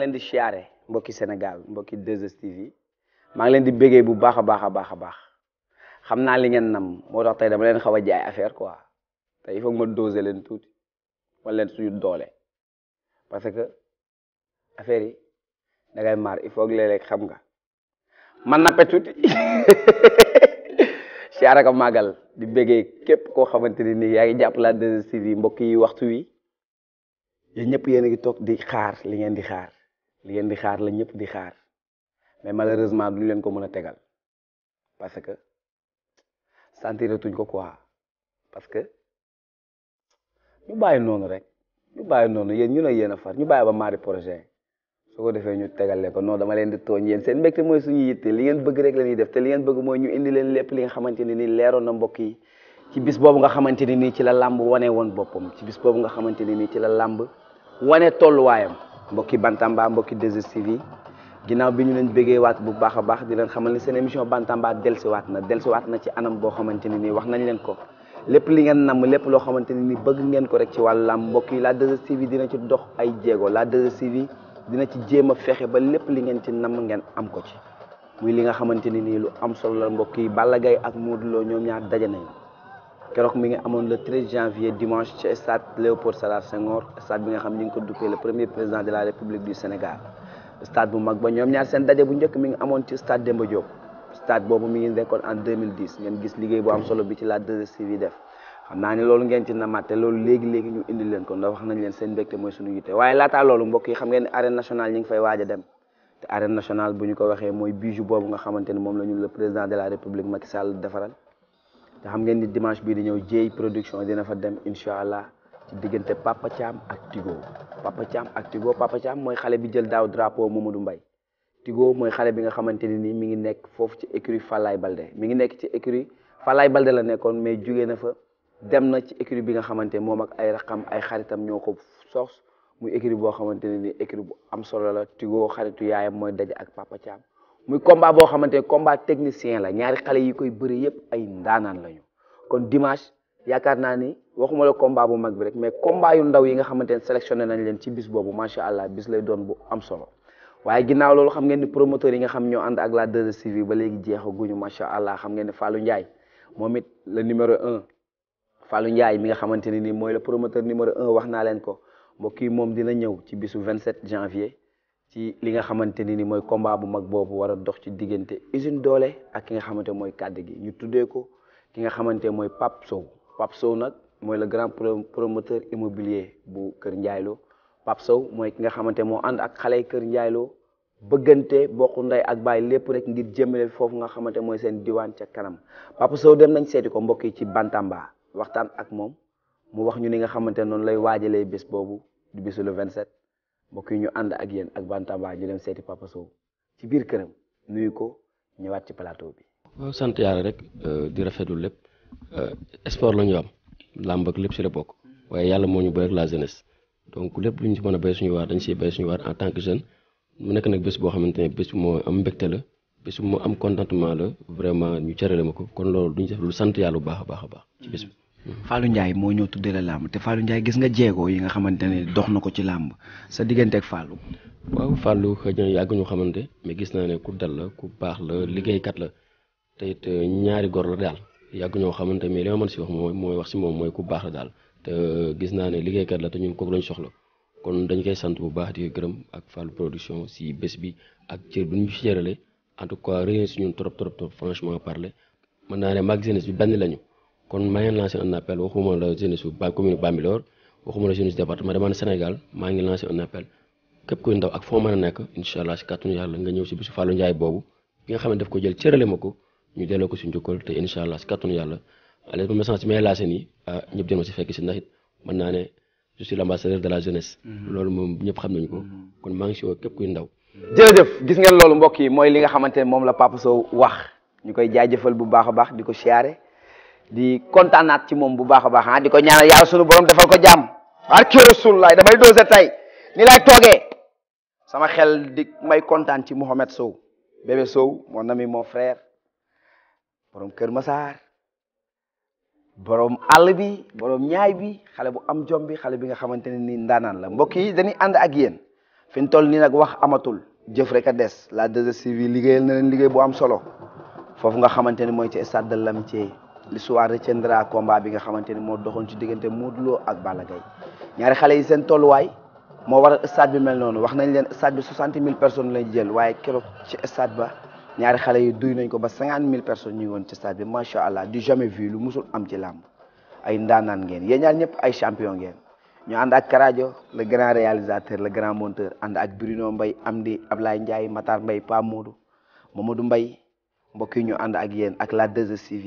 ngi leen di siyaare mbokki Sénégal mbokki 2STV yi maa ngi leen di béggee bu baax a baax a baax xam naa li ngeen nam moo tax tey dama leen xaw a jaay affaire quoi tey il faut ma doser leen tuuti wala leen suñu doole parce que affaire yi da ngay maar il faut que léeg xam nga man nappe tuuti siyaare ko màggal di béggee képp koo xamante ne nii yaa ngi jàpp la yi mbokk waxtu wi yéen ñëpp yéen a toog di xaar li ngeen di xaar li ngeen di xaar la ñëpp di xaar mais malheureusement duñ leen ko mën a tegal parce que sentir tuñ ko quoi parce que ñu bàyyi noonu rek ñu bàyyi noonu yéen ñu ne yéen a far ñu bàyyi ba maari projet su ko defee ñu tegale ko non dama leen di tooñ yéen seen mbégte mooy suñu yitte li ngeen bëgg rek la ñuy def te li ngeen bëgg mooy ñu indi leen lépp li nga xamante ne nii leeroon na mbokk yi ci bis boobu nga xamante ne nii ci la làmb wane woon boppam ci bis boobu nga xamante ne nii ci la làmb wane tolluwaayam mbokki bantamba mbokki 2STV ginnaaw bi ñu leen bëggee waat bu baax a baax di leen xamal ni seen émission bantamba delsiwaat na delsiwaat na ci anam boo xamante ne nii wax nañ leen ko lépp li ngeen namm lépp loo xamante ne ni bëgg ngeen ko rek ci wàllu làmb mbokk yi la 2STV dina ci dox ay jéego la 2STV dina ci jéem a fexe ba lépp li ngeen ci namm ngeen am ko ci muy li nga xamante ne nii lu am solo la mbokk yi Balla ak Modou Lo ñoom ñaar daje nañu keroog mi ngi amoon le 13 janvier dimanche ci stade Léopold Sédar Senghor stade bi nga xam ni ñu ko duppee le premier président de la république du Sénégal stade bu mag ba ñoom ñaar seen daje bu njëkk mi ngi amoon ci stade Demba Diop stade boobu mi ngi nekkoon en 2010 ngeen gis liggéey bu am solo bi ci la 2STV def xam naa ni loolu ngeen ci namaate loolu léegi léegi ñu indi leen ko ndax leen seen mbégte mooy suñu yitte waaye laataa loolu mbokk xam ngeen ne arène a dem te arène waxee mooy bijou boobu nga xamante ni moom la ñu le président de te xam ngeen ni dimanche bii di ñëw jéey production dina fa dem incha allah ci diggante Papa Thiam ak Tigo Papa Thiam mooy xale bi jël daaw drapeau Mamadou mbay Tigo mooy xale bi nga xamante ne nii mi ngi nekk foofu ci écurie Falaye Balde mi ngi nekk ci écurie Falaye Balde la nekkoon mais jugee na fa dem na ci écurie bi nga xamante moom ak ay raqam ay xaritam ñoo ko soos muy écurie boo xamante ne nii écurie bu am solo la Tigo xaritu yaayam mooy daje ak Papa muy combat boo xamante ne combat technicien la ñaari xale yi koy bëri yëpp ay ndaanaan lañu kon dimanche yaakaar naa ni waxuma la combat bu mag bi rek mais combat yu ndaw yi nga xamante ne sélectionné nañ leen ci bis boobu macha allah bis lay doon bu am solo waaye ginnaaw loolu xam ngeen ni promoteur yi nga xam ñoo ànd ak la 2STV ba léegi jeexaguñu macha allah xam ngeen ni Fallou Ndiaye moom it le numéro un Fallou Ndiaye mi nga xamante ne nii mooy le promoteur numéro un wax naa leen ko mbokk yi moom dina ñëw ci bisu 27 janvier. ci li nga xamante ni ni mooy combat bu mag boobu war dox ci diggante usine doole ak ki nga xamante mooy kàddu gi ñu tuddee ko ki nga xamante mooy Pape Sow Pape Sow nag mooy le grand promoteur immobilier bu Kër Ndiaylo Pape Sow mooy ki nga xamante moo ànd ak xale yi Kër Ndiaylo bëggante bokk ndey ak bàyyi lépp rek ngir jëmale foofu nga xamante mooy seen diwaan ca kanam Pape Sow dem nañ seeti ko mbokk yi ci Bantamba waxtaan ak moom mu wax ñu ni nga xamante noonu lay waajalee boobu du bésu le 27. bokk yi ñu ànd ak yéen ak bantamba ñu dem seeti Papa Sow ci biir këram nuyu ko ñëwaat ci plateau bi. waaw sant yàlla rek euh, di rafetlu lépp euh, sport la ñu am làmb ak lépp si la bokk waaye yàlla moo ñu bëri la jeunesse donc lépp lu ñu si mën a béy suñu waar dañ siy béy suñu waar en tant que jeune mu nekk nag boo xamante ne bés moo am mbégte la bés bu am contentement la vraiment ñu cërale ma ko kon loolu du ñu def lu sant yàlla bu baax a baax a baax ci bés Fallou Ndiaye moo ñëw tuddee la làmb te Fallou Ndiaye gis nga jéego yi nga xamante ne dox na ko ci làmb sa diggante ak Fallou. waaw Fallou xëy yàgg ñu xamante mais gis naa ne ku dal la ku baax la liggéeykat la te it euh, ñaari góor la daal yàgg ñoo xamante mais li ma mën si wax mooy mooy wax si moom mooy ku baax la daal te euh, gis naa ne liggéeykat la te ñun kooku lañ soxla kon dañ koy sant bu baax di gërëm ak Fallou production si bés bi ak cër bi ñu si jërale en tout cas réer si ñun trop trop trop franchement parler mën naa ne magasinage bi benn lañu. kon maa ngi lancé un appel waxuma la jeunesse su ba commune Bambilor waxuma la jeunesse département dama ne Sénégal maa ngi lancé un appel képp kuy ndaw ak foo a nekk incha ko jël cërale ma ko ko si njukkal te incha allah si kàttanu yàlla les messages ah, naa ne je suis l' ambassadeur de la mm-hmm. mm-hmm. maa ngi si woo képp kuy ndaw. Mm-hmm. jërëjëf gis ngeen loolu mbokk yi mooy li nga xamante ne moom la Papa Sow wax ñu koy jaajëfal bu baax a baax di ko siyaare di kontaanaat ci moom bu baax a baax ah di ko ñaanal yàlla sunu borom defal ko jàmm barke Rasulullah damay doose tey ni lay toogee sama xel di may kontaan ci Mouhamed Sow bébé Sow mon ami mon frère borom Kër Massar borom àll bi borom ñaay bi xale bu am jom bi xale bi nga xamante ne ni ndaanaan la mbokk yi dañuy ànd ak yéen fi ñu toll nii nag wax amatul jëf rek des la 2STV liggéeyal na liggéey bu am solo foofu nga xamante ne mooy ci stade de ci l'histoire retiendra combat bi nga xamante ne moo doxoon ci diggante Modou Lo ak Balla ñaari xale yi seen tolluwaay moo waral stade bi mel noonu wax nañ leen stade bi soixante mille personnes lañ jël waaye keroog ci stade ba ñaari xale yi duy nañ ko ba cinquante mille personnes ñu woon ci stade bi macha allah du jamais vu lu musul am ci làmb ay ndaanaan ngeen yéen ñaar ñëpp ay champion ngeen ñu ànd ak Karajo le grand réalisateur la grand monteur ànd ak Bruno Mbaye Amdi Ablaye Ndiaye Matar Mbaye Pa Modou Mamadou Mbaye mbokk yi ñu ànd ak yéen ak la 2STV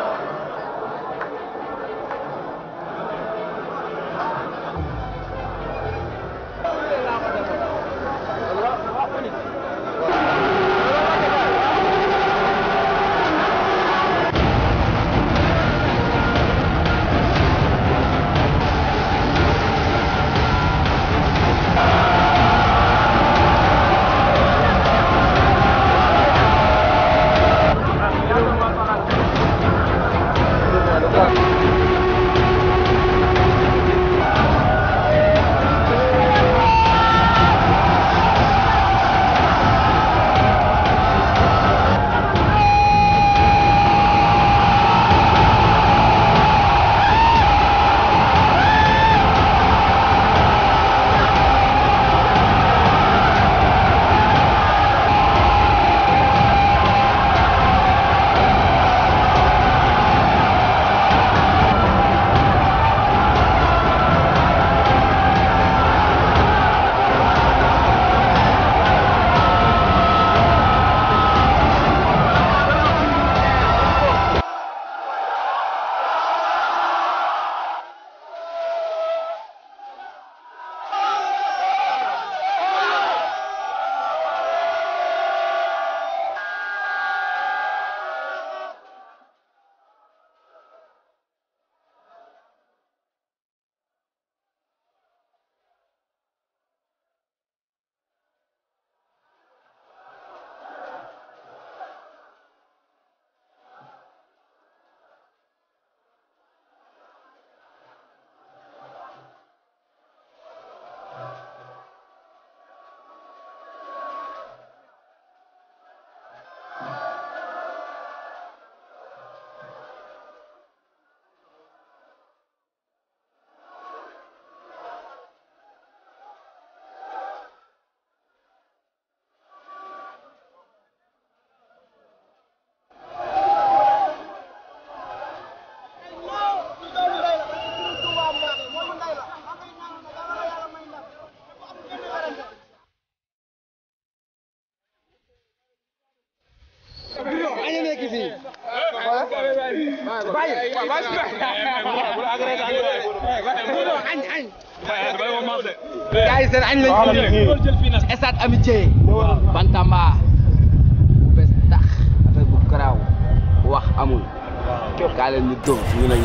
dóor ñu ne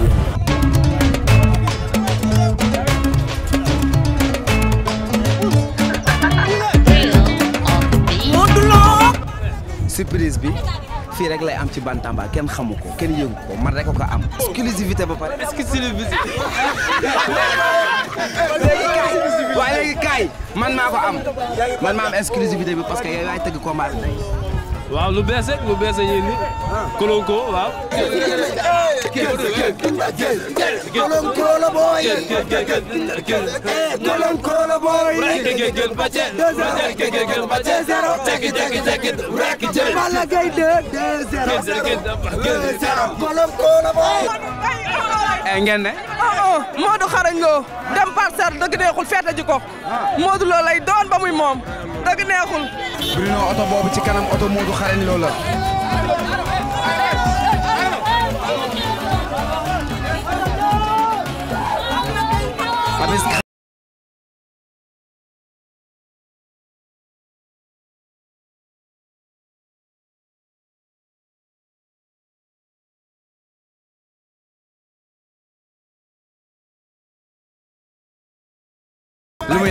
bi fii rek lay am ci Bantamba kenn xamu ko kenn yëngu ko man rek ko am. exclusivité ba pare. exclusivité. waaye léegi kaay man maa ko am man maa am exclusivité bi parce que yow yaay tëgg combat waaw lu bees lu bees rek kolonko waaw. Ah. kolon kola boy kolon kola boy deux zéro Balla Gaye deux zéro kolon kola boy ngeen ne oh, oh, Modou xarañ loo dem parcelle dëgg neexul feete ji ko Modou loo lay doon ba muy moom dëgg neexul Bruno oto boobu ci kanam oto Modou xarañ loo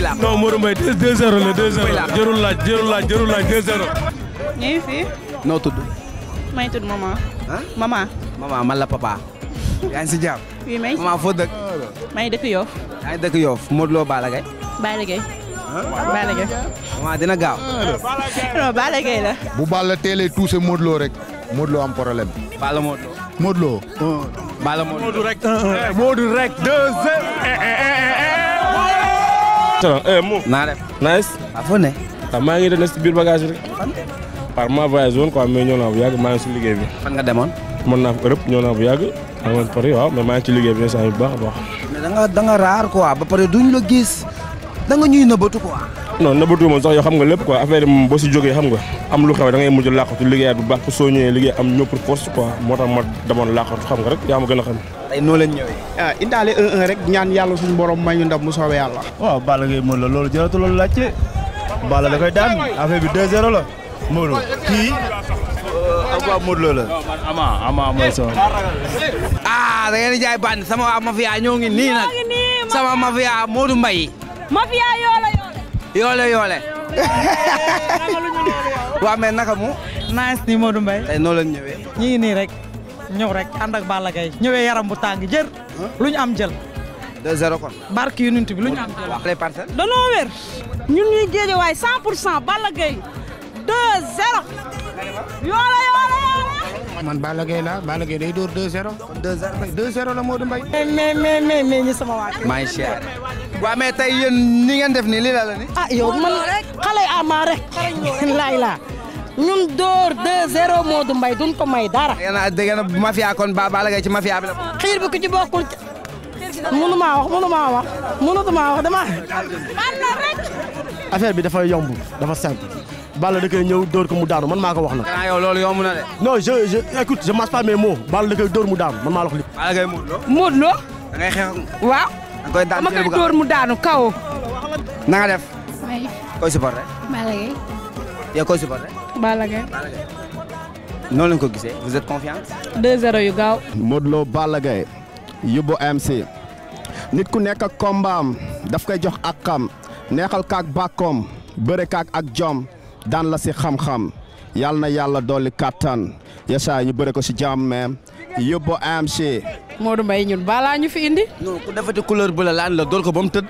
laax. non Modou Mbaye 2 0 la 2 0 jarul laaj jarul laaj jarul laaj 2 fi. noo tudd. may tudd maman. ah maman. papa. yaa ngi si jàmm. oui may maman foo dëkk. maa ngi dëkk Yoff. yaa ngi dëkk Yoff Modou Lo Balla Gaye. dina gaaw. non Balla Gaye la. bu Balla teelee touché Modou rek Modou am problème. Balla Modou Lo. Modou Lo. Balla Modou rek. Modou rek eh, Thion eh moom. naa def nice. ah foo ne. ah maa ngi dem si biir ba bi rek. par ma voyage woon ko mais ñëw naa bu yàgg maa ngi si liggéey bi. fan nga demoon. mën naa Europe ñëw naa bu yàgg. maa ngi pare waaw mais maa ngi ci liggéey bi ne saa baax a baax. mais da nga da nga raar quoi ba pare duñ la gis da nga ñuy nëbatu quoi. non nëbbatuuma sax yow xam nga lépp ko affaire yi moom jógee xam nga am lu xew da ngay mujj làqatu liggéeyaat bu baax soo ñëwee liggéey am ñëw pour force quoi moo tax ma demoon làqatu xam nga rek yaa ma gën a xam tey leen ñëwee ah, indaale 1-1 rek ñaan yàlla suñu borom may ñu ndam mu soobee yàlla waaw Balla Gaye Modou Lô loolu jaratu loolu laajte Balla da koy daan affaire bi 2-0 la Modou kii waaw Modou la ama ama mooy sama ah da ngeen di sama waa mafia ñoo sama mafia Modou Mbaye yoole yoole. waaw mais naka mu. nice ni Modou Mbaye. tey noo leen ñëwee. ñu nii rek ñëw rek ànd ak Balla Gaye ñëwee yaram bu tàng jër. lu ñu am jël. 2-0 kon. barke yu nit bi lu ñu am jël. wax les parcelles. danoo wér. ñun ñuy géejewaay 100 pour 100 Balla Gaye 2 yoole yoole. man Balla Gaye la Balla Gaye day dóor 2-0. 2-0 2-0 la Modou Mbaye. mais mais mais mais ñi sama waa kër. ngeen def nii lii la la nii. Ah, man xale ama laay la ñun dóor 2-0 Modou Mbaye duñ ko may dara. yéen a ba Balla Gaye ci mafia bi la. xiir bi ci bokkul. maa wax mënu maa wax mënu maa wax dama. affaire bi dafa yomb dafa Balla da koy ñëw dóor ko mu daanu man maa ko wax na de. non je je écoute je mâche pas dóor mu daanu man maa la li. Balla ngay Modou xeex. waaw. da koy koy dóor mu daanu kaw. na def. may. koy supporté. Balla Gaye. koy supporté. Balla noonu lañ ko gisee vous êtes confiant. 2 yu gaaw. Modou Lo Balla Gaye. yóbbu MC. nit ku nekk ak kombaam daf koy jox ak xam neexal kaak bàkkoom bëre kaak ak jom. daan la si xam-xam yàlla na yàlla dolli kàttan yasa ñu bëre ko si jàmm yóbbu AMC. Modou Mbaye ñun balaa ñu fi indi. non ku defati couleur bu la laan la door ko ba mu tëdd.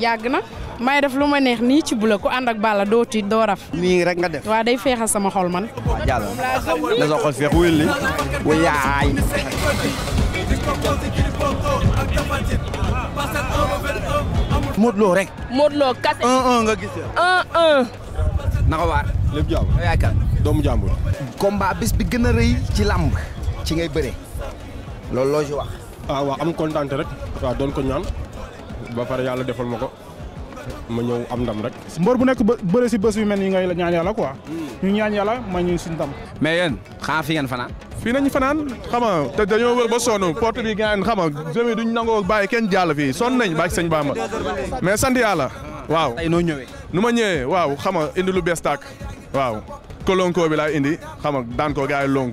yàgg na may def lu ma neex nii ci bula ku ànd ak bala doo tiit doo raf. nii rek nga def. waa day feexal sama xol man. waaw jàll sa xol feex wuyul li wuyaay. Modou Lo rek. Modou Lo kase. naka waar. lépp jàmm yow yaay kan. doomu jàmbur. bis bi gën a rëy ci làmb ci ngay bëree. loolu loo ci wax. ah waaw am kontaan rek. waaw doon ko ñaan. ba pare yàlla defal ma ko. ma ñëw am ndam rek. mbër bu nekk bëre si bés bi mel ni ngay ñaan yàlla quoi. ñu ñaan yàlla ma ñu si ndam. mais yéen xanaa fi ngeen fanaan. fii nañu fanaan xam nga te dañoo wër ba sonn porte bi gaan xam nga jëmi duñ nangoo bàyyi kenn jàll fii sonn nañ bàyyi sëñ Bamba mais sant yàlla. waaw tey noo ñëwee. nu ma ñëwee waaw xam nga indi lu bees tàkk waaw. kolonko bi laay indi xam nga daan ko gars yi long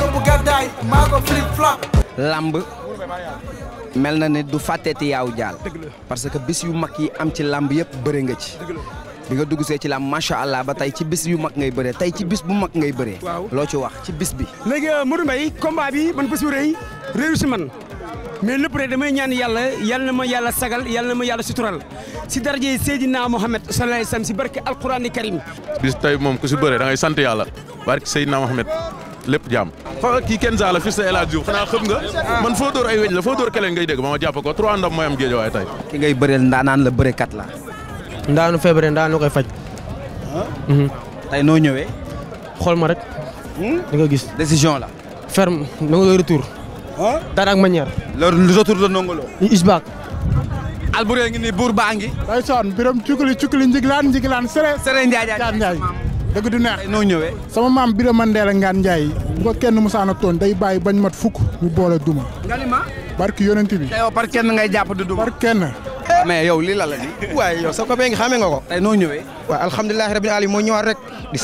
yóbbu gàddaay maa ko flip flop. lamb mel na ne du fàtteeti yaaw jaal parce que bis yu mag yi am ci làmb yëpp bëre nga ci. bi nga dugg see ci làmb macha allah ba tey ci bis yu mag ngay bëree tey ci bis bu mag ngay bëree. waaw loo ci wax ci bis bi. léegi euh, Modou Mbaye combat bi man bés bu rëy réew si man mais lépp rek damay ñaan yàlla yal na ma yàlla sagal yal na ma yàlla sutural si daraje Seydina Mohamed sallallahu alayhi wasallam si barke alqurani karim. bis tey moom ku si bëree da sant yàlla barke Seydina Mohamed. lépp jàmm fa kii kenn zaala fii sa El Hadj Diouf xanaa xam nga man foo foo door keleen ngay jàpp ko trois ndam mooy am ki ngay bëreel ndaanaan la bërekat la ndaanu feebaree ndaanu koy faj. Mhm. tey noo ñëwee. xool ma rek. Hmm? di nga gis décision la. ferme nangu looy retour. dara ak manière. loolu retour la nangu loo. isbaak. alburé ngi ni buur baa ngi. day soon biram cukuli cukuli njiglaan njiglaan sere. sere njaajaay njaajaay dëgg du neex. noo ñëwee. sama maam biram Mandela ngaan Ndiaye. bu ko kenn musaana toon day bàyyi bañ mat fukk. mu boole duma. nga ni barki yonent bi. tey kenn ngay jàpp di kenn. mais yow lii la la di waaye yow sa copain nga xamee nga ko tey noo ñëwee waaw alhamdulilahi rabbil alamin moo ñëwaat rek di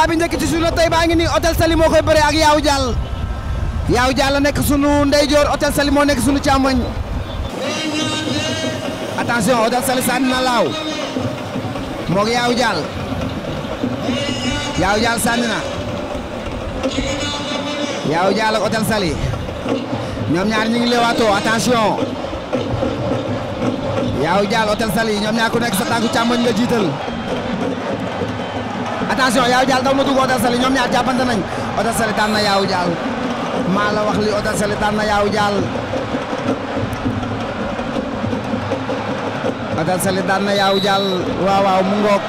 combat bi njëkk ci suñu tey baa ngi nii hôtel Saly moo koy bëree ak Yawou Dial Yawou Dial la nekk sunu ndeyjoor hôtel Saly moo nekk sunu càmmoñ attention hôtel Saly sànni na laaw moog Yawou Dial Yawou Dial sànni na Yawou Dial ak ñoom ñaar ñu ngi leewaatoo attention Yawou Dial hôtel Saly ñoom ñaar ku nekk sa tànku càmmoñ nga jiital. attention yaaw jaal daw na dugg Hôtel Sali ñoom ñaar jàppante nañ Hôtel Sali daan na yaaw jaal maa la wax li Hôtel Sali daan na yaaw jaal Hôtel Sali waaw mu ngoog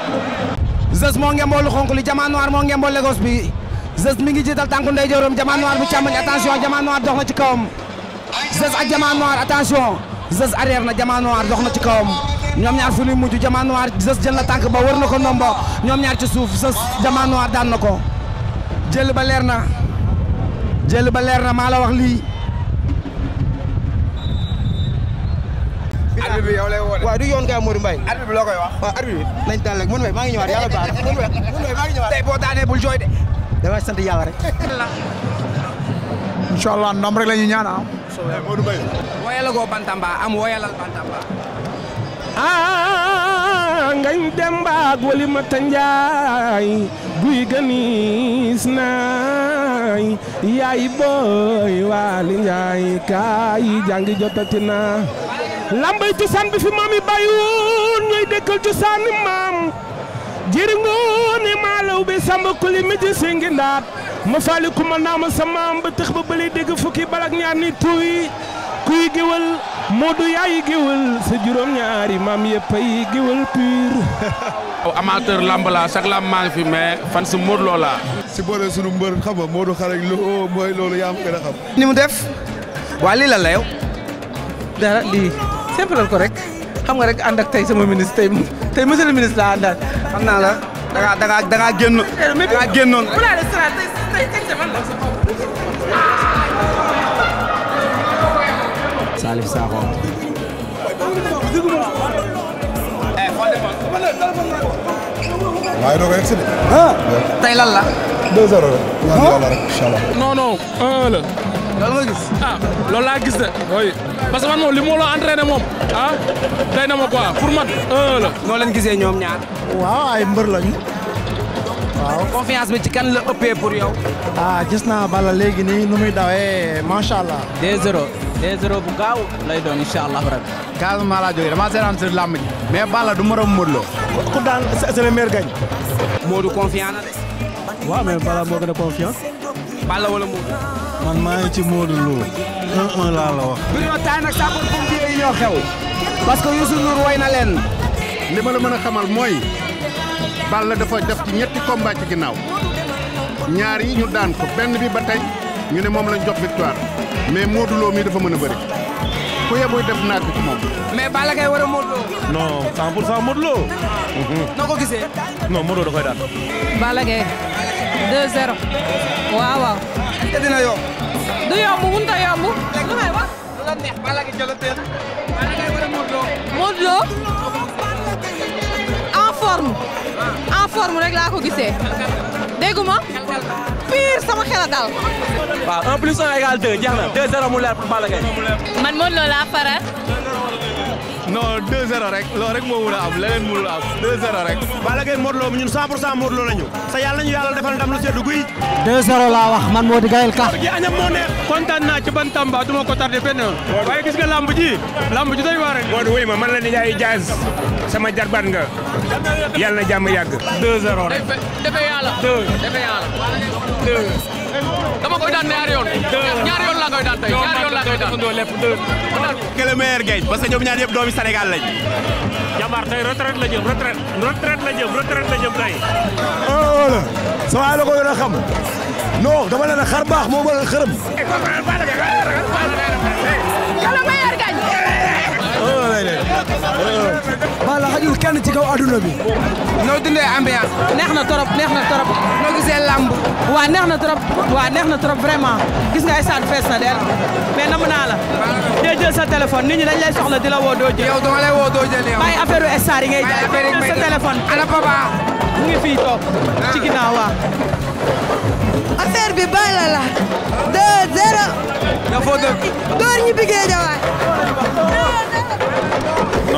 moo ngemboolu xonk li Diamant Noir moo ngembool Lagos bi Zeus mi ngi jiital tànku ndeyjooram Diamant Noir bu càmmoñ attention Diamant Noir dox na ci kawam Zeus ak Diamant Noir attention Zeus arrière na Diamant Noir dox na ci kawam ñoom ñaar fu ñuy mujj Diamant Noir jël na tànk ba wër na ko ndombo ñoom ñaar ci suuf Zeuz Diamant Noir daan na ko jël ba leer na jël ba leer na maa la wax lii. arbitre bi yow lay woote waaw du yoon kay Modou Mbaye. arbitre bi loo koy wax. waaw arbitre bi nañ daal rek man maa ngi ñëwaat yàlla baax na man maa ngi yàlla rek. incha allah la ñuy ñaan ah. a ah, ngañ dem baag wali ma tanjaay guy gëniis naay yaay booy waali njaay kaay jàngi jotati na lambay cosaan bi fi maam yi bàyyiwoon ñooy dëkkal cosaani maam jëriñooni maalaw bi samba kuli mi ji si ngi ndaat ma faali kuma naama sa maam ba tëx ba bëli dégg fukki balak ñaar ni tuuy kuy géwël Modou yaay géwël sa juróom ñaari maam yëpp ay géwël pur. waaw amateur la chaque lamb maa fi mais fan si Modou Lo la. si boole sunu mbër xam nga Modou xale loo mooy loolu yaa ngi koy xam. ni def waa lii la yow. dara lii simple ko rek xam nga rek ànd ak tey sama ministre tey tey monsieur le ministre laa àndaat xam naa la da ngaa da ngaa da ngaa génn. Eh, da ngaa génnoon. Salif Sakho waaye doo ko yegg si de. Ah, tey lan la. 2-0 rek. ñaan ah? yàlla rek gis. ah gis de. oui parce que man moom li ma la entraîné moom. ah na ma quoi pour man 1 noo leen gisee ñoom ñaar. waaw ay mbër lañu. Ah, waaw confiance bi ci kan la ëppee pour yow. ah gis naa bala léegi nii nu dawee macha allah. 2 2-0 bu gaaw lay doon incha allah rabbi. Casamance laa jógee damaa seetaan si làmb ji. mais Balla du moroom Modou Lo. ku daan c'est le meilleur gagne. Modou confiant na de. waaw Balla moo gën a confiant. Balla wala Modou. man maa ngi ci Modou Lo. 1-1 laa la wax. bu ñoo taay nag sapeur yi ñoo xew. parce que Youssou way na leen. li ma la mën a xamal mooy. Balla dafa def ci ñetti combat ci ginnaaw. ñaar yi ñu daan ko benn bi ba tey ñu ne moom lañ jox victoire. mais Modou Lo mii dafa mën a bëri ku yebuy def naag ci moom. mais Balla Gaye war a Modou Lo. non noo ko gisee. non Modou Lo da koy daan. Balla Gaye 2-0. du yomb mënut a yomb. lu may wax. rek laa ko gisee. dégguma pire sama xel a daal. waaw un plus un égale deux jeex deux zéro mu leer pour Balla Gaye. man Modou Lo laa non 2-0 rek loolu rek moo mun a am leneen mënul am 2-0 rek. Balla Gaye Modou Lo ñun 100 pour 100 Modou Lo lañu. sa yàlla ñu defal ndam lu seddu guy. 2 laa wax man moo di gayel ka. kii añam moo neex. kontaan naa ci Bantamba du ma ko tardé fenn. waaye gis nga lamb ji. lamb ji doy waar rek. Modou wuy ma man la ni yaay Diaz sama jarbaat nga yàlla na jàmm yàgg. 2-0 rek. defe yàlla. 2 defe dama koy daan ñaari yoon. ñaari yoon laa koy daan tey ñaari yoon laa koy daan. que le meilleur gagne parce ñoom ñaar yëpp doomi Sénégal lañ. jàmbaar tey retraite la jëm retraite la jëm retraite la jëm tey. Oh, oh, a xam non dama leen a xar baax moo a xërëm. que le meilleur Balla xajul kenn ci kaw adduna bi. noo dundee ambiance. neex na trop neex na trop. noo gisee lamb. waa neex na trop. waa neex na trop vraiment. gis nga ay stade fees na del mais namu naa la. Ah. dee jël sa téléphone nit ñi dañ lay soxla di la woo doo jël. yow dama lay woo doo sa téléphone. ana papa. ngi fii toog. Ah. ci ginnaaw waa. affaire bi Balla la. 2-0. dafa dëgg. door ñu bigee jawaay.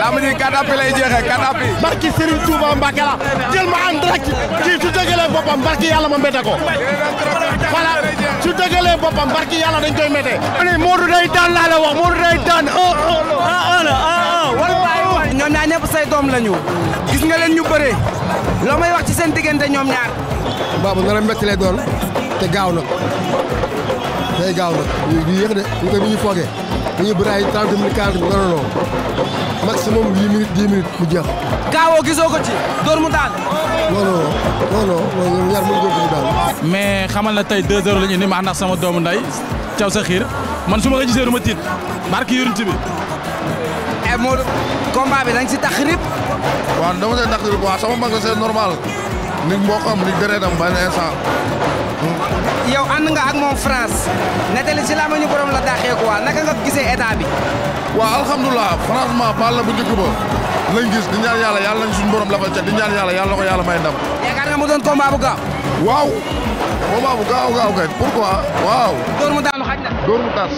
lamb ji kàddaap bi lay jeexee kàddaap bi. barki Serigne Touba Mbacke la jël ma am direct kii su dëggalee boppam ma mbete ko. voilà su dëggalee boppam barki yàlla dañ koy méttee. man Modou day daan laa la wax Modou day daan un un un un wala waay ñoom ñaar ñëpp say doom lañu. gis nga leen ñu bëree. loo may wax a métti lay doon gaaw na day de ñu koy bu ñu foogee bu ñu bëri ay 30 minutes 40 minutes maximum huit minutes dix minutes mu jeex. kaawoo gisoo ko ci mu daan. non non non non ñaar mënuñu ko daan. mais xamal na tey deux heures la ñu indi ma ànd sama doomu nday caw sa xiir man su ma la gisee ma tiit barki yurint bi. eh Modou combat bi dañ si tax rib. waaw dama see tax rib waaw sama deretam benn instant. yow ànd nga ak moom France nettali ci laa ma ñu borom la daaxee quoi naka nga gisee état bi. waaw alhamdulilah franchement Palla bu njëkk ba lañ gis di ñaan yàlla yàlla nañ suñu borom la fa ca di ñaan yàlla na ko yàlla may ndam. yaakaar nga mu doon combat gaaw. waaw combat gaaw gaaw kay pourquoi waaw. dóor mu daanu xaj na. dóor mu tas.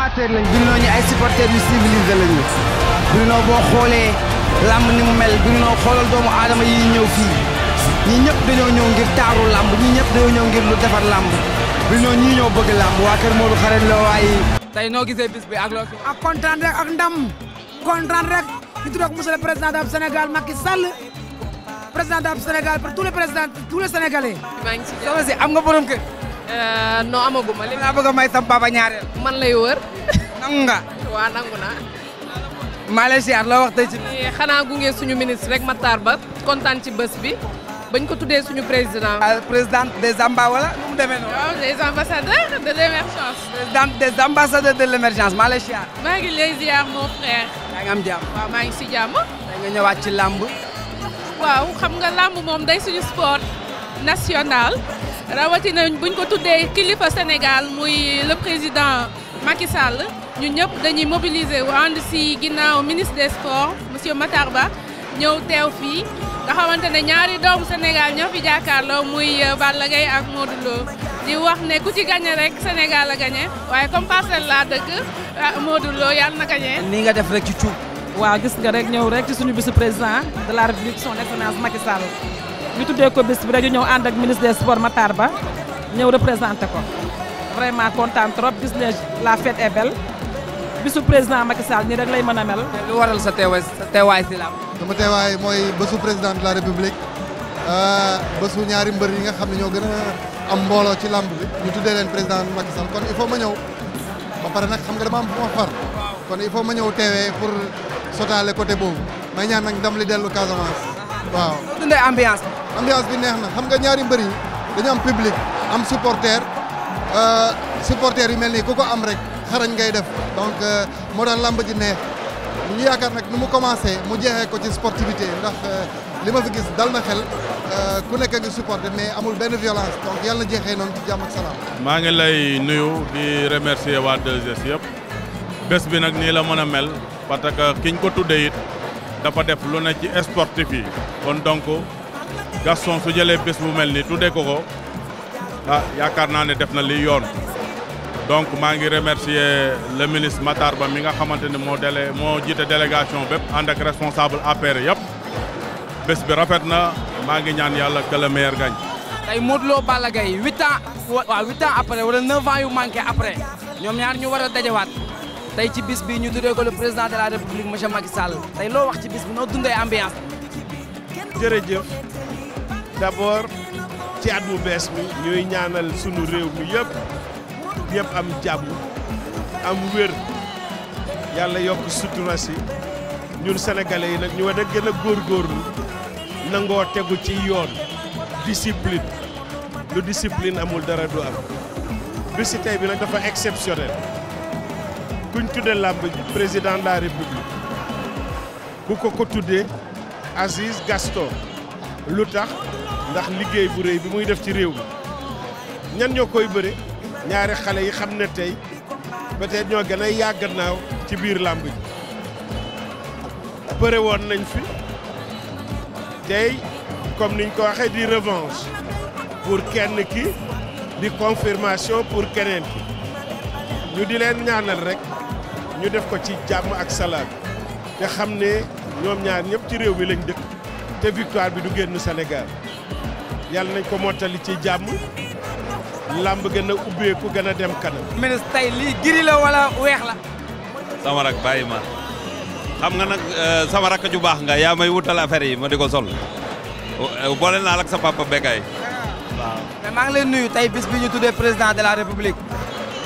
amateur lañ Bruno ñu ay supporters yu civilisé lañu Bruno boo xoolee làmb ni mu mel Bruno xoolal doomu aadama yi ñëw fii ñi ñëpp dañoo ñëw ngir taaru làmb ñi ñëpp dañoo ñëw ngir lu defar làmb Bruno ñii ñoo bëgg làmb waa kër Modou xarit waaye. noo gisee bis bi ak loo ak kontaan rek ak ndam kontaan rek di tudd ak monsieur le président du Sénégal Macky Sall président du Sénégal pour tous les présidents tous les am nga borom kër. Eh, non amaguma li laa bëgg may sam papa ñaareel. man lay wër. nangu nga. waa nangu naa. Malaysia loo wax tey ci. xanaa gunge suñu ministre rek Matar Ba kontaan ci bés bi bañ ko tuddee suñu président. Ah, présidente des amba ah, de l' émergence. présidente des ambassadeurs de l' émergence Malaysia. maa ngi lay ziar frère. yaa am jàmm. waaw maa ngi si jàmm. da ñëwaat ci làmb. waaw xam nga làmb moom day suñu sport national. rawatina buñ ko tuddee kilifa Sénégal muy le président Macky Sall ñun ñëpp dañuy mobiliser wu ànd si ginnaaw ministre des sports monsieur Matar Ba ñëw teew fii nga xawante ne ñaari doomu Sénégal ñoo fi jàkkaarloo muy euh, Balla Gaye ak Modou Lo wax ne ku ci gagné rek Sénégal la gagné waaye comme parcelle laa dëkk ah, Modou Lo yàlla na gagné. nii nga def rek ci cuub. waaw gis nga rek ñëw rek ci suñu bisu président de la république son excellence Macky ñu tuddee ko bis bi dañu ñëw ànd ak ministre des ma taar Ba ñëw représenté ko vraiment kontaan trop gis la fête est belle bisu président Macky Sall nii rek lay mën a mel. lu waral sa teewaay sa teewaay si la sama teewaay mooy bésu président de la république euh, bésu ñaari mbër yi nga xam ne ñoo gën a am mbooloo ci lamb bi ñu tuddee leen président Macky Sall kon il faut ma ñëw ba pare nag xam nga dama am fu ma far kon il faut ma ñëw teewee pour sotaale côté boobu may ñaa nag ndam li dellu Casamance waaw. dundee ambiance ambiance bi neex na xam nga ñaari mbër yi dañu am public am supporter euh, supporter yu mel nii ku ko am rek xarañ ngay def donc euh, moo daan làmb ji neex ñu yaakaar nag nu mu commencé mu jeexee ko ci sportivité ndax euh, li ma fi gis dal na xel ku nekk a ngi supporté mais amul benn violence donc yàlla jeexee noonu ci jàmm ak maa ngi lay nuyu di remercier waa 2S yëpp bés bi nag nii la mën a mel parce que kiñ ko tuddee it dafa def lu ne ci sportif yi kon donc. Gaston su jëlee bés bu mel ni tuddee ko ko ah yaakaar naa ne def na li yoon donc maa ngi remercier le ministre Matar Ba mi nga xamante ne moo délé moo jiite délégation bépp ànd ak responsable APR yëpp bés bi rafet na maa ngi ñaan yàlla que le meilleur gagne. tey Modou Lo Balla Gaye huit ans waaw huit ans après wala neuf ans ñoom ñaar ñu war a dajawaat tey ci bis bi ñu tuddee ko le président de la république monsieur Macky Sall tey loo wax ci bis bi noo dundee ambiance. jërëjëf. d'abord ci at mu bees mi ñuy ñaanal sunu réew mi yëpp yëpp am jàmm am wér yàlla yokk sutura si ñun sénégalais yi nag ñu war a gën a góor góorgóorlu nangoo tegu ci yoon discipline lu discipline amul dara du am bési tey bi nag dafa exceptionnel kuñ tudde làmb ji président de la république bu ko ko tuddee Aziz Gaston lu tax ndax liggéey bu réy bi muy def ci réew mi ñan ñoo koy bëre ñaari xale yi xam ne tey peut-être ñoo gën a yàgg naaw ci biir làmb ji bëre woon nañ fi tey comme niñ ko waxee di revanche pour kenn ki di confirmation pour keneen ki ñu di leen ñaanal rek ñu def ko ci jàmm ak salaam te xam ne ñoom ñaar ñëpp ci réew mi lañ dëkk te victoire bi du génn Sénégal yàlla nañ ko moota mottali ci jàmm làmb gën a ubbeeku gën a dem kanam. ministre tey lii giri la wala weex la. sama rak bàyyi ma xam nga nag euh, sama rak ju baax nga yaa may wutal affaire yi ma di ko sol euh, boole naa la ak sa papa Bekay. waaw mais maa ngi leen nuyu tey bis bi ñu tuddee président de la république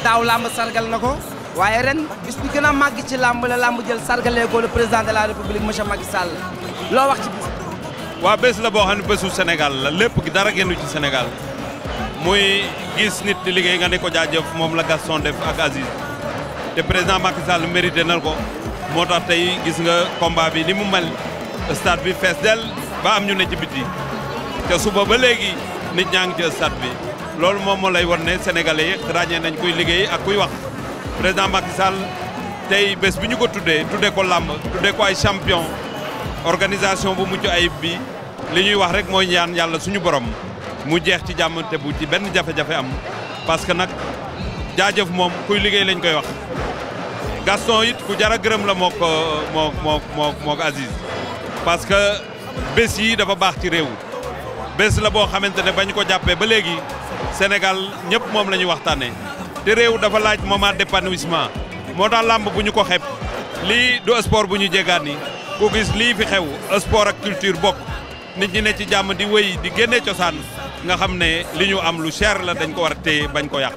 daaw làmb sargal na ko. waaye ren bis bi gën a màgg ci làmb la làmb jël sargalee ko président de la république monsieur Macky Sall loo wax ci. waa bés la boo xam ne bésu Sénégal la lépp dara génnu ci Sénégal muy gis nit di liggéey nga ne ko jaajëf moom la Gaston def ak Aziz te président Macky Sall mérité na ko moo tax tey gis nga combat bi ni mu mel stade bi fees del ba am ñu ne ci biti te suba ba léegi nit ñaa ngi ci stade bi loolu moom moo lay won ne sénégalais yi ràññee nañ kuy liggéey ak kuy wax président Macky Sall tey bés bi ñu ko tuddee tuddee ko làmb tuddee ko ay champion organisation bu mucc ayib bi li ñuy wax rek mooy ñaan yàlla suñu borom mu jeex ci jàmm bu ci benn jafe-jafe am parce que nag jaajëf moom kuy liggéey lañ koy wax Gaston it ku jara gërëm la moo ko moo moo moo moo ko Aziz parce que bés yi dafa baax ci réew bés la boo xamante ne bañ ko jàppee ba léegi Sénégal ñëpp moom la ñuy waxtaanee te réew dafa laaj moment d'épanouissement moo tax làmb bu ñu ko xeeb lii du sport bu ñu jéggaani ku gis lii fi xew sport ak culture bokk nit ñi ne ci jàmm di wéy di génne cosaan nga xam ne li ñu am lu cher la dañ ko war a téye bañ ko yàq.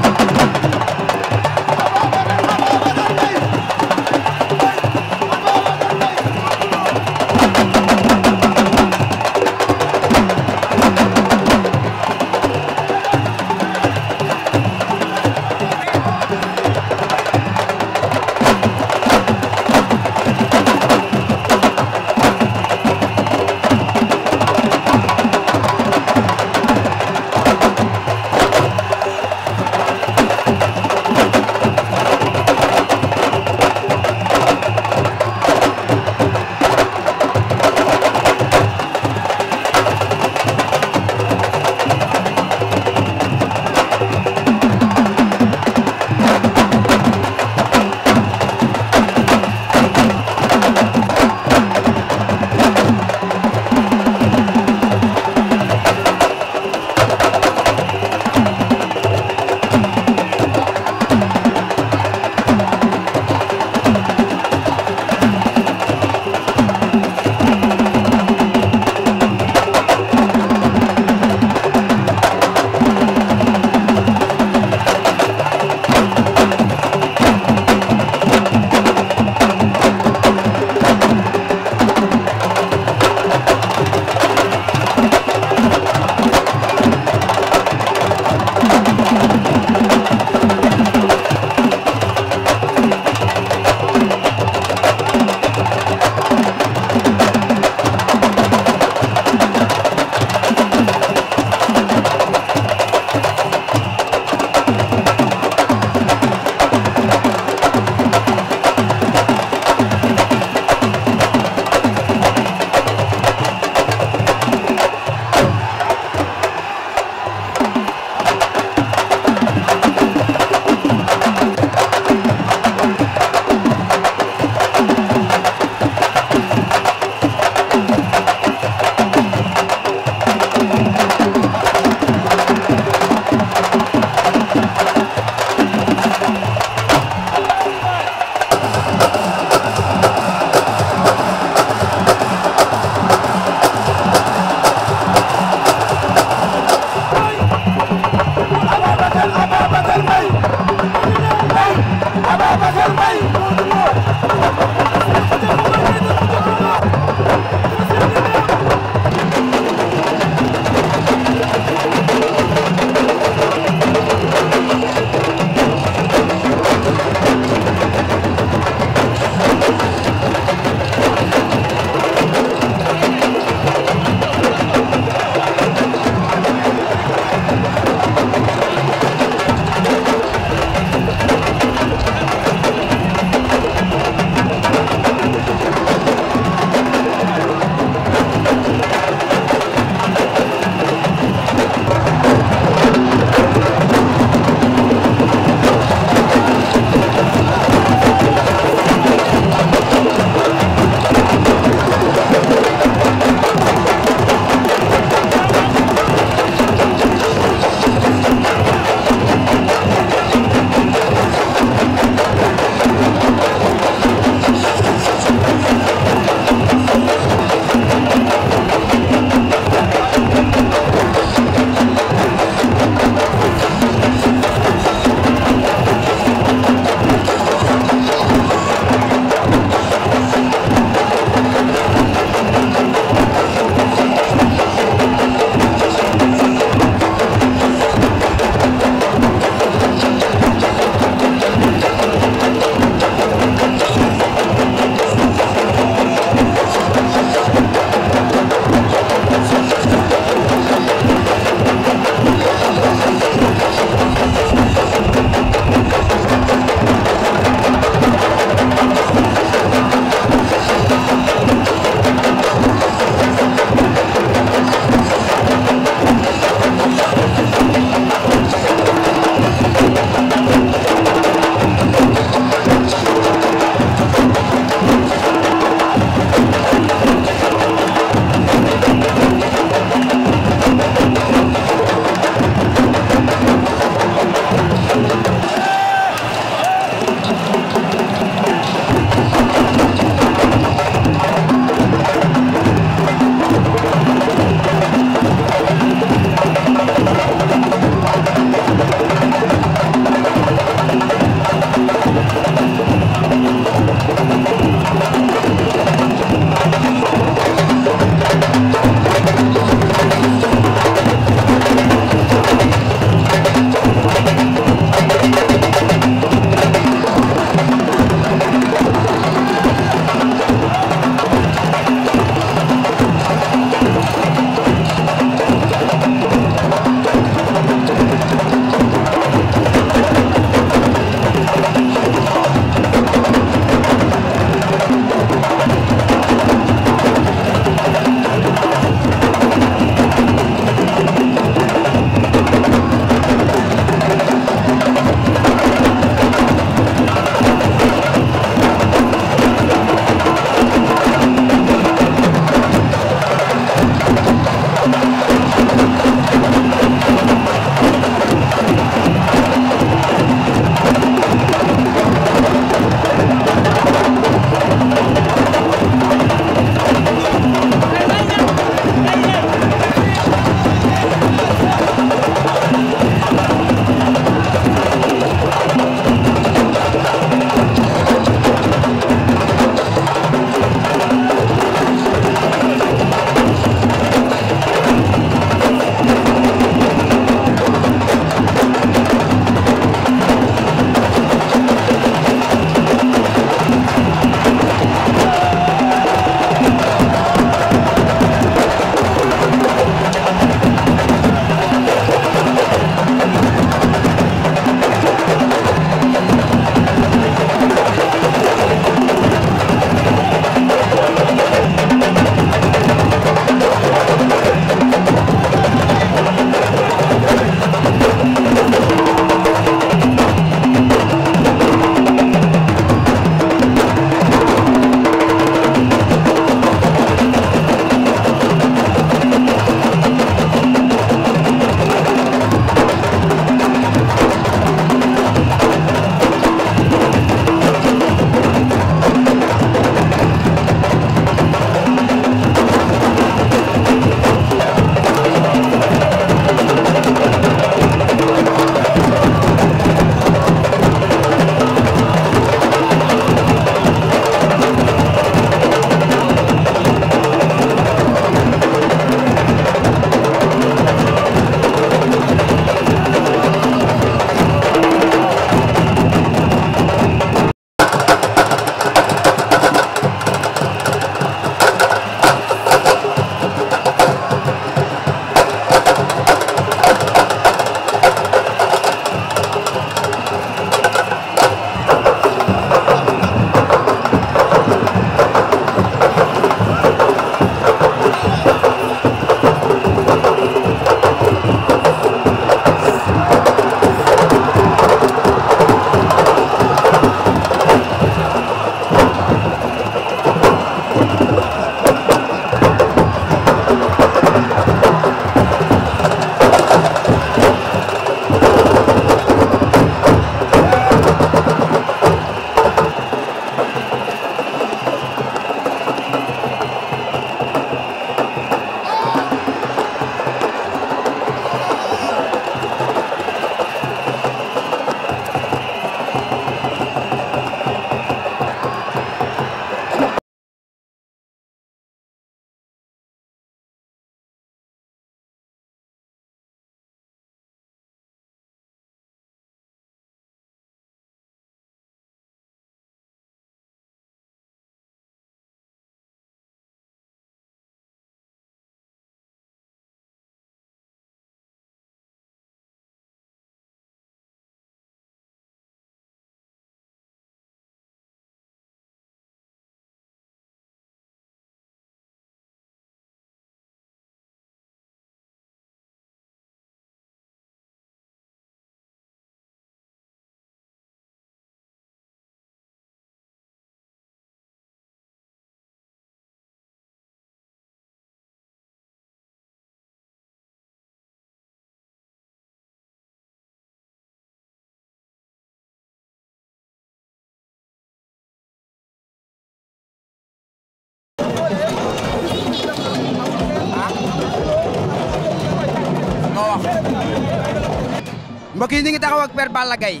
mbokk yi ñu ngi taxaw ak Père Balla Gaye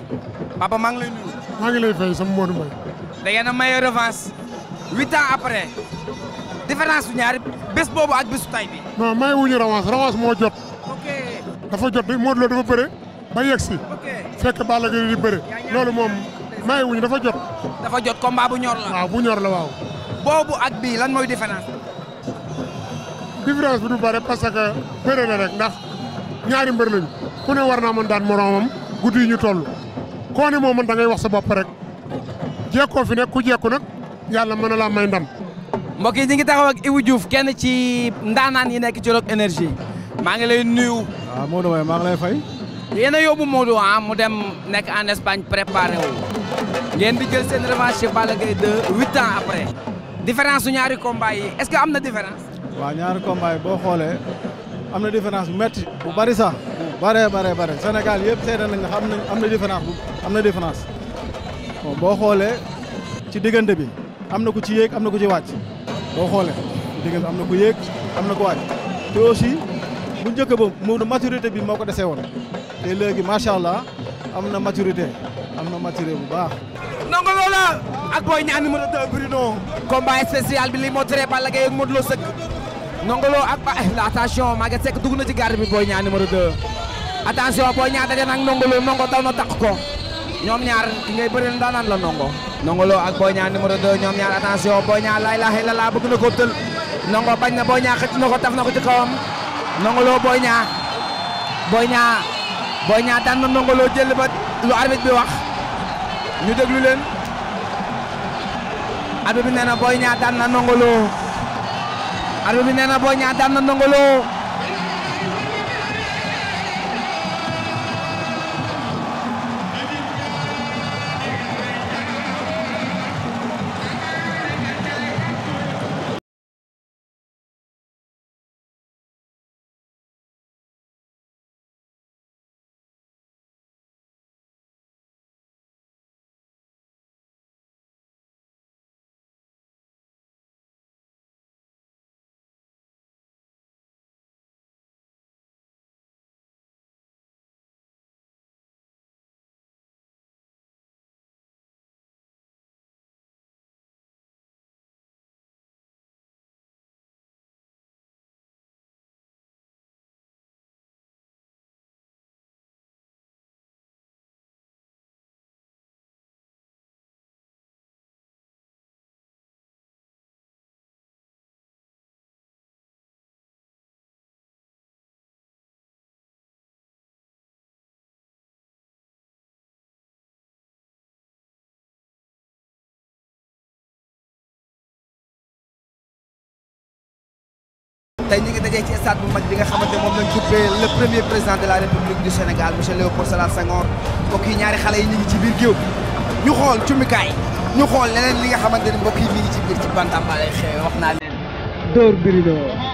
papa maa ngi lay nuyu. maa ngi lay fay sama Modou Mbaye. da ngeen a maye revanche huit ans après différence ñaari bés boobu ak bésu tay bi. non maye wuñu revanche revanche moo jot. dafa jot bi Modou Lo dafa bëre ba yegg si. ok Balla Gaye di bëre. loolu moom maye wuñu dafa jot. dafa jot combat bu ñor la. waaw bu boobu ak bii lan mooy différence. différence bi du bëre parce que rek ndax. ñaari mbër lañu ku ne war naa mën daan moroomam guddi yi ñu toll koo ne moo mën wax sa bopp rek jekkoo fi nekk ku jekku nag yàlla ma na laa may ndam. mbokk yi ñu ngi taxaw ak Ibou Diouf kenn ci ndaanaan yi nekk ci Rock Énergie maa ngi lay nuyu. waaw ah, Modou waaye maa ngi lay fay. yéen a yóbbu Modou ah mu dem nekk en Espagne préparé wu ngeen di jël seen revanche ci Balla Gaye 2 huit différence ñaari combat yi ce que am na différence. waaw ñaari combat boo xoolee. am na différence bu métti bu bari sax bare bare bare Sénégal yëpp nañ ne xam nañ am na différence am na différence bon boo xoolee ci diggante bi am na ku ci yéeg am na ku ci wàcc boo xoolee diggante am na ku yéeg am na ku wàcc te aussi bu njëkk ba mu maturité bi moo ko desee woon te léegi macha allah am na maturité am na maturité bu baax. nangu loola ak Boy Niang numéro 2 Bruno. combat spécial bi li moo tere Balla Gaye ak Modou Ndongolo ak ba eh, attention Maguette Seck dugg na ci garde bi Boy Niang numéro 2 attention Boy Niang daje na ak Ndongolo Ndongo daw na takk ko ñoom ñaar ki ngay bëreel daanaan la Ndongo. Ndongolo ak Boy Niang numéro 2 ñoom ñaar attention Boy Niang lay la laa bëgg na ko tël Ndongo bañ na Boy Niang xëcc na ko taf na ko ci kawam Ndongolo Boy Niang Boy Niang Boy daan na Ndongolo ba lu arbitre bi wax ñu déglu leen arbitre bi nee na Boy Niang daan na arbitre bi nee na Boy Niang daan na Ndongo Lo tey ñu ngi dajee ci stade bu mag bi nga xamante moom lañ tuddee le premier président de la république du Sénégal monsieur Léopold Sédar Senghor mbokk yi ñaari xale yi ñu ngi ci biir géew ñu xool cumikaay ñu xool leneen li nga xamante ne mbokk yi ñu ngi ci biir ci bantambale xew wax naa leen dóor biri doo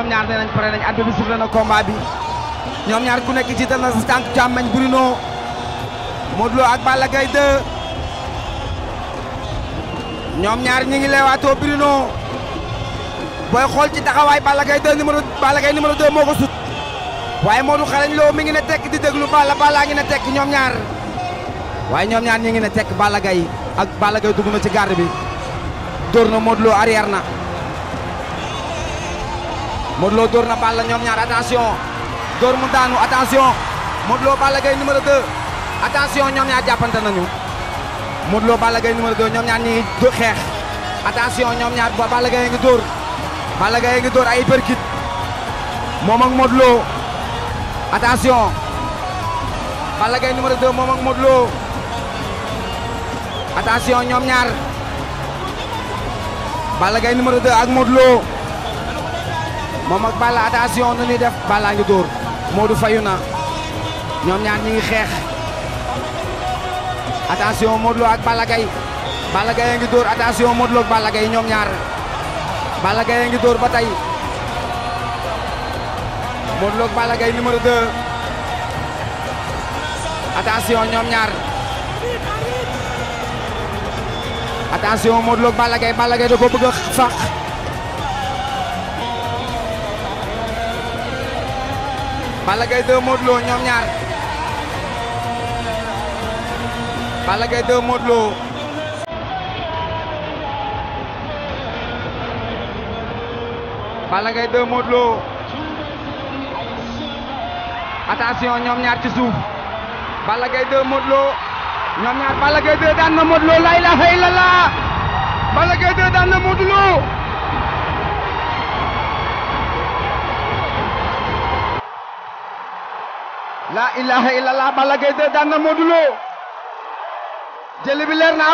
ñoom ñaar nee nañ pare nañ arbitre bi sifflé na combat bi ñoom ñaar ku nekk jiital na sa tànk càmmeñ Bruno Modou Lo ak Balla Gaye 2 ñoom ñaar ñi ngi leewaatoo Bruno booy xool ci taxawaay Balla Gaye 2 numéro Balla Gaye numéro 2 moo ko sut waaye Modou xarañ Lo mi ngi ne tekk di déglu Balla Balla ngi ne tekk ñoom ñaar waaye ñoom ñaar ñi ngi ne tekk Balla Gaye ak Balla Gaye dugg ci garde bi dóor na Modou Lo na Modou Lo dóor na Balla ñoom ñaar attention dóor mu daanu attention Modou Lo Balla Gaye numéro 2 attention ñoom ñaar jàppante nañu Modou Lo Balla Gaye numéro 2 ñoom ñaar ñi ngi xeex attention ñoom ñaar ba Balla Gaye ngi dóor Balla Gaye ngi dóor ay perkit moom ak Modou Lo attention Balla Gaye numéro 2 moom ñoom ñaar Balla Gaye numéro 2 ak Modou moom ak Balla attention nu ñuy def Balla ngi dóor Modou fayu na ñoom ñaar ñi ngi xeex attention Modou Lo ak Balla Gaye Balla Gaye a dóor attention Modou Lo Balla Gaye ñoom ñaar Balla Gaye a ngi dóor ba tey Modou Lo ak Balla Gaye numéro 2 attention ñoom ñaar attention Modou Lo Balla Gaye Balla Gaye da ko bëgg fax Balla Gaye 2 Modou Lo ñoom ñaar Balla Gaye 2 Modou Balla Gaye 2 Modou Lo attention ñoom ñaar ci suuf Balla Gaye 2 Modou Lo ñoom ñaar Balla Gaye 2 daan na Modou Lo la ilaha Balla Gaye 2 daan laa ilaha illallah Balla Gaye 2 daan na Modou Lo jëli bi leer na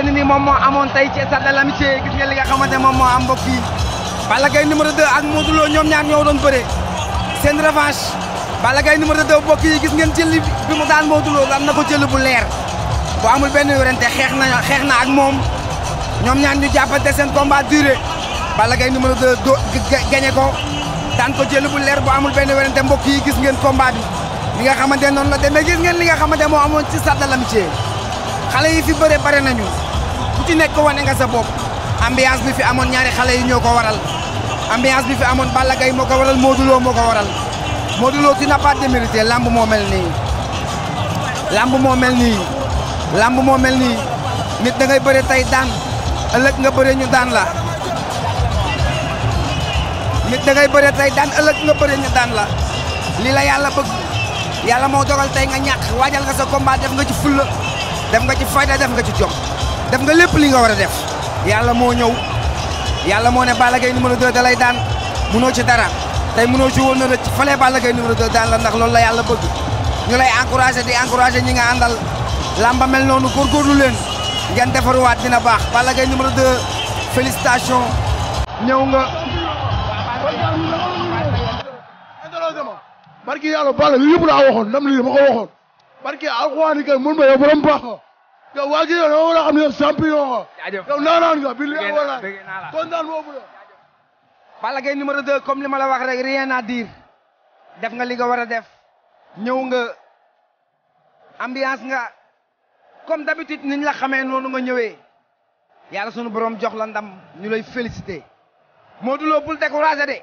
xamante ne ni moom moo amoon tey ci stade de l'amitié gis ngeen li nga moom moo am mbokk yi Balla Gaye numéro 2 ak Modou Lo ñoom ñaar ñoo doon bëre seen revanche Balla Gaye numéro 2 mbokk yi gis ngeen jël bi mu daan Modou Lo daan na ko jël bu leer bu amul benn werante xeex na xeex na moom ñoom ñaar ñu jàppante seen combat duré Balla Gaye numéro 2 do gagné ko daan ko jël bu leer bu amul benn werante mbokk yi gis ngeen combat bi li nga xamante noonu la demee gis ngeen li nga xamante moo amoon ci stade de l'amitié xale yi fi bëre bare nañu ku ci nekk wane nga sa bopp ambiance bi fi amoon ñaari xale yi ñoo ko waral ambiance bi fi amoon Balla Gaye moo ko waral Modou Lo moo ko waral Modou Lo tu n'as pas démérité lamb moo mel nii làmb moo mel nii lamb moo mel nii nit da ngay bëre tey daan ëllëg nga bëre ñu daan la nit da bëre tey daan ëllëg nga bëre ñu daan la lii la yàlla bëgg yàlla moo dogal tey nga ñàkk waajal nga sa combat def nga ci fulla def nga ci fayda def nga ci jom def nga lépp li nga war a def yàlla moo ñow yàlla moo ne Balla Gaye numéro 2 da lay daan munoo ci dara tey munoo ci woon na rëcc falee Balla Gaye numéro 2 daan la ndax loolu la yàlla bëgg ñu lay encouragé di encouragé ñi nga àndal lamba mel noonu góorgóorlu leen ngeen defaruwaat dina baax Balla Gaye numéro 2 félicitation ñëw nga barki yàlla Balla li yëpp laa waxoon ndam lii ma ko waxoon barki alxuraan kay mun ma yow borom baax yow waa ji yow dama war bi lii wala kontaan boobu la. Balla comme li ma la wax rek rien def nga li nga war a def ñëw nga ambiance nga comme d'habitude niñ la xamee noonu nga ñëwee yàlla sunu borom jox la ndam ñu lay félicité Modou Lo bul découragé de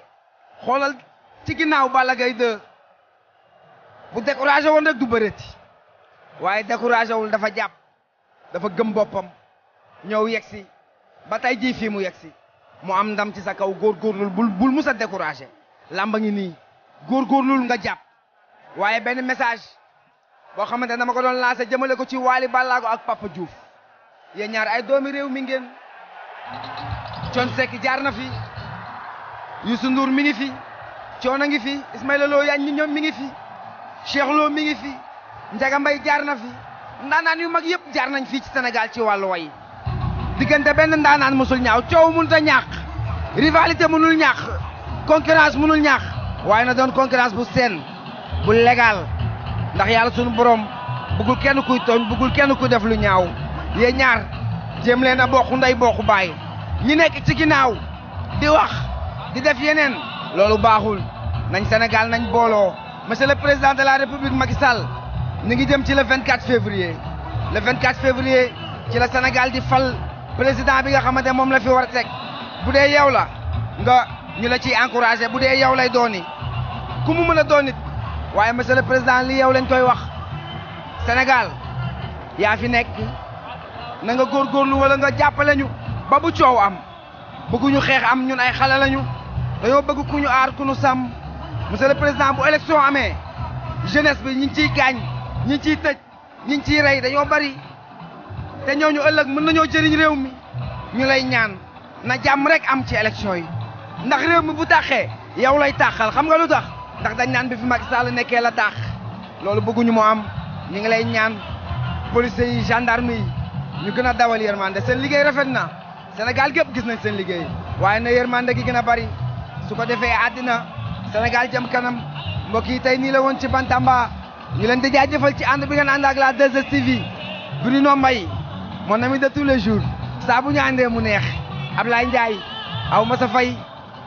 xoolal ci ginnaaw Balla Gaye 2 bu découragé woon rek du bëreeti waaye découragé wul dafa jàpp. dafa gëm boppam ñëw yegg si ba tey jii fii mu yegg si mu am ndam ci sa kaw góorgóorlul bul bul mu sa découragé làmba ngi nii góor góorgóorlul nga jàpp waaye benn message boo xamante ne dama ko doon lancé jëmale ko ci Waly Ballago ak Papa Diouf yéen ñaar ay doomi réew mi ngeen Thione Seck jaar na fi Youssou Ndour mi ngi fi Thione a ngi fi Ismaïla Lo Yagne ñoom mi ngi fi Cheikh mi ngi fi Ndiaga Mbaye jaar na fi ndaanaan yu mag yëpp jaar nañ fii ci Sénégal ci wàllu way diggante benn ndaanaan musul ñaaw coow mënut a ñàkk rivalité mënul ñàkk concurrence mënul ñàkk waaye na doon concurrence bu seen bu légal ndax yàlla suñu borom bëggul kenn kuy tooñ bëggul kenn kuy def lu ñaaw yee ñaar jéem leen a bokku ndey bokku baay ñi nekk ci ginnaaw di wax di def yeneen loolu baaxul nañ senegal nañ booloo monsieur le président de la république Macky Sall ñu ngi jëm ci le 24 février le 24 février ci la Sénégal di fal président bi nga xamante moom la fi war a teg bu dee yow la nga ñu la ciy encouragé bu dee yow lay dooni ku mu mën a doon it waaye monsieur le président li yow lañ koy wax Sénégal yaa fi nekk na nga góorgóorlu wala nga jàppale ñu ba bu coow am bëgguñu xeex am ñun ay xale lañu dañoo bëgg ku ñu aar ku ñu sàmm monsieur le président bu élection amee jeunesse bi ñu ngi ciy gaañ. ñi ci tëj ñi ciy rey dañoo bari te ñooñu ëllëg mën nañoo jëriñ réew mi ñu lay ñaan na jàmm rek am ci élection yi ndax réew mi bu tàqee yow lay tàqal xam nga lu tax ndax dañ naan bi fi Macky Sall nekkee la tàq loolu bëgguñu moo am ñu ngi lay ñaan police yi gendarme ñu gën a dawal yërmande seen liggéey rafet na Sénégal gépp gis nañ seen liggéey waaye na yërmande gi gën a bari su ko defee àddina Sénégal jëm kanam mbokk yi tey nii la woon ci Bantamba ñu leen di jaajëfal ci ànd bi ngeen ànd ak la 2STV Bruno Mbaye mon ami de tous les jours saa bu ñu àndee mu neex Ablaye Ndiaye aw ma sa fay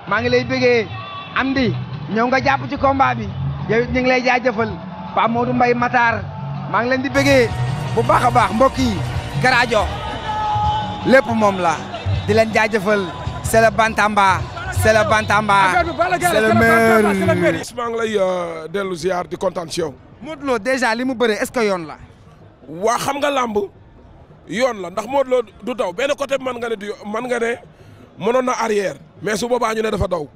maa ngi lay bëggee Amdi ñëw nga jàpp ci combat bi yow ñu ngi lay jaajëfal Pa mbay Mbaye Matar maa ngi leen di bëggee bu baax a baax mbokk yi Karajo lépp moom la di leen jaajëfal c'est le Bantamba c'est le Bantamba c'est le maire maa ngi lay euh, dellu ziar di kontaan si yow moo Lo déjà li mu bëree est yoon la. waa xam nga làmb yoon la ndax moo Lo du daw benn côté mën nga ne du mën nga ne mënoon na arrière mais su boobaa ñu ne dafa daw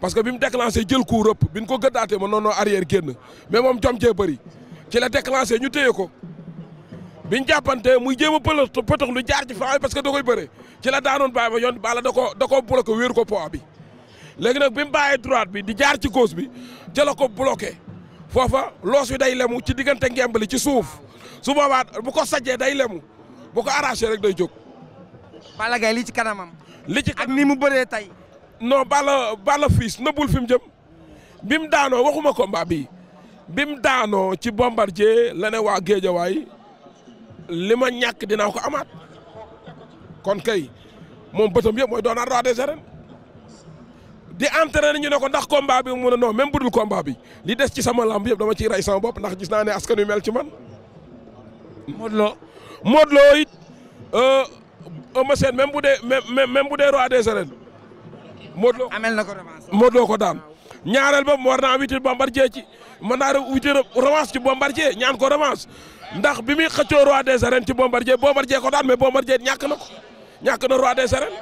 parce que bi mu déclenché jël coup rëpp bi ñu ko gëddaatee mënoon na arrière génn mais moom jom cee bëri ci la déclenché ñu téye ko bi ñu jàppante muy jéem a pëlëx pëtëx lu jaar ci faa parce que da koy bëre ci la daanoon bàyyi ba yoon bala da koo da koo bloqué ko poids bi léegi nag bi mu bàyyee droite bi di jaar ci gauche bi jëla ko bloqué. foofa loos wi day lemu ci diggante ngembali ci suuf su boobaa bu ko sajjee day lemu bu ko arraché rek day jóg. Balla Gaye li ci kanamam. li ci ak ni mu bëree tey. non Balla Balla fiis nëbbul fi mu jëm bi mu daanoo waxuma combat bii bi mu daanoo ci bombardier la ne waa géejawaay li ma ñàkk dinaa ko amaat kon kay moom bëtam yëpp mooy doonaat roi des di entraîné ñu ne ko ndax combat bi mu ne non même bi li des ci sama lamb yëpp dama ciy rey sama bopp ndax gis naa ne askan wi mel ci man. Modou Lo Modou Lo it euh, Eumeu Sène même bu dee même même bu dee roi des arènes. Modou Lo amel ah, na ko revanche Modou Lo ko daan ñaareel ba war naa witti Bombardier ci mën naa witti revanche ci Bombardier ñaan ko revanche ndax bi muy xëccoo roi des arènes ci Bombardier Bombardier ko daan mais Bombardier ñàkk na ko ñàkk na roi des arènes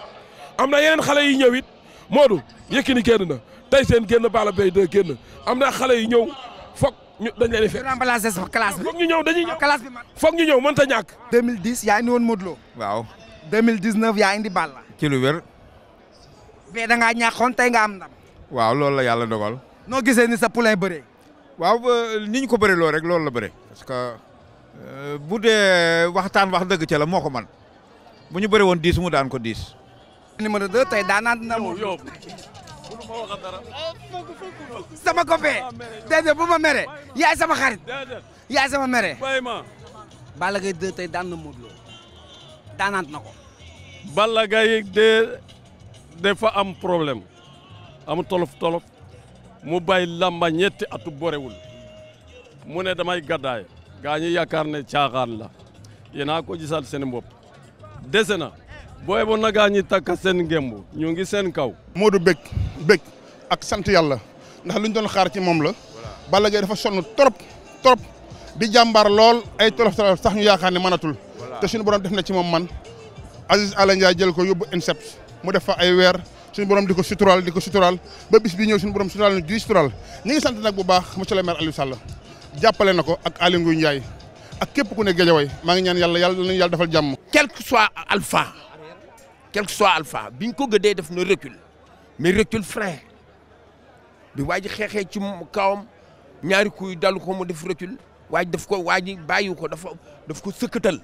am na yeneen xale yu ñëw it Modou Yékini génn na tey seen génn Balla Gaye 2 génn am na xale yi ñëw foog ñu dañ leen di fekk. remplacer sa classe bi foog ñu ñëw dañuy ñëw ah, classe bi man. foog ñu ñëw mënta ñàkk. 2010 yaa indi woon Modou Lo. waaw 2019 yaa indi Balla. ci lu wér. mais da ngaa ñàkkoon tey nga am dam waaw loolu la yàlla dogal. noo gisee ni sa poulain bëree. waaw ni ñu ko bëree loo rek loolu la bëree. parce que euh, bu dee waxtaan wax dëgg ca la moo ko man bu ñu bëree woon 10 mu daan ko 10. ni numéro 2 tey daanaan na mu. sama copain ah, déedéet bu ma mere yaay sama xarit yaay sama mere. Balla Gaye 2 tey daan na Modou Lo na ko. Balla Gaye 2 dafa am problème am tolof tolof mu bàyyi lamba ñetti atu borewul mu ne damay gàddaay gaa ñi yaakaar ne caaxaan la yéen a ko jisal seen bopp dese na. booy bu nagaa ñi takk seen ngemb ñu ngi seen kaw. du bég bég ak sant yàlla ndax lu ñu doon xaar ci moom la. Balla Gaye dafa sonn trop trop di jàmbaar lool ay tolof tolof sax ñu yaakaar ne mënatul. te suñu borom def na ci moom man Aziz Ala Ndiaye jël ko bu INSEP mu def fa ay weer suñu borom di ko suturaal di ko suturaal ba bis bi ñëw suñu borom suturaal na juy suturaal ñu ngi sant nag bu baax monsieur le maire Aliou Sall jàppale na ko ak Aly Ngouille Ndiaye ak képp ku ne Guédiawaye maa ngi ñaan yàlla yàlla nañu yàlla defal jàmm. quel que soit alpha. quel que soit alpha bi ñu ko gëddee def na recul mais recul frein bi waa ji xeexee ci kawam ñaari kuy dalu ko mu def recul waaj daf ko waaj ji bàyyi ko dafa daf ko sëkkatal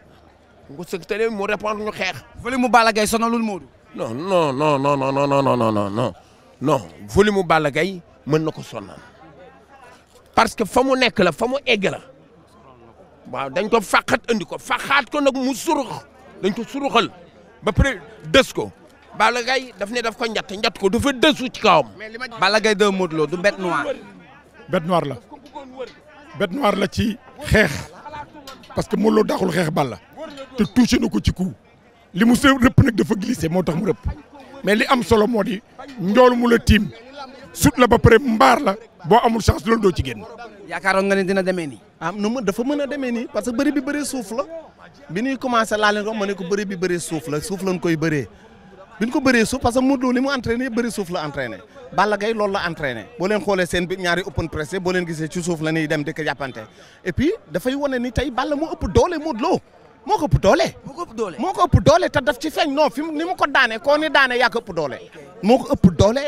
mu ko sëkkatalee mu répondre ñu xeex. volume mu Balla Gaye sonalul Modou. non non non non non mu bala gay mën na ko sonal parce que fa mu nekk la fa mu egg la waaw dañ ko fàqat andi ko fàqaat ko nag mu surux dañ ko suruxal. ba pare dës ko. Balla Gaye daf ne def ko njatt njatt ko dafa dësu ci kawam. Balla gay de Modou Lo du bête noire. bête noire la bête noire la ci xeex parce que Modou loo daaxul xeex Balla te touché na ko ci ku li mu se rëpp nag dafa glissé moo tax mu rëpp mais li am solo moo di njool mu la tiim sut la ba pare mbaar la boo amul chance loolu doo ci génn. yaakaaroon nga ne dina demee nii. ah nu mu dafa mën a demee nii parce que bëri bi bëri suuf la. bi ñuy commencé laa leen ko ko bëri bi suuf la suuf lañ koy bëree bi ñu ko bëree suuf parce que Modou Lo li mu entraîné bëri suuf la entraîné Balla Gaye loolu la entraîné boo leen xoolee seen bi ñaari open press boo leen gisee suuf la dem di ko jàppante et puis dafay wane ni tey Balla moo ëpp doole Modou Lo moo ko ëpp doole. moo ko ëpp doole moo ko ëpp doole te daf ci feeñ non fi mu ni mu ko daane koo ni daane yaa ko ëpp doole moo ko ëpp doole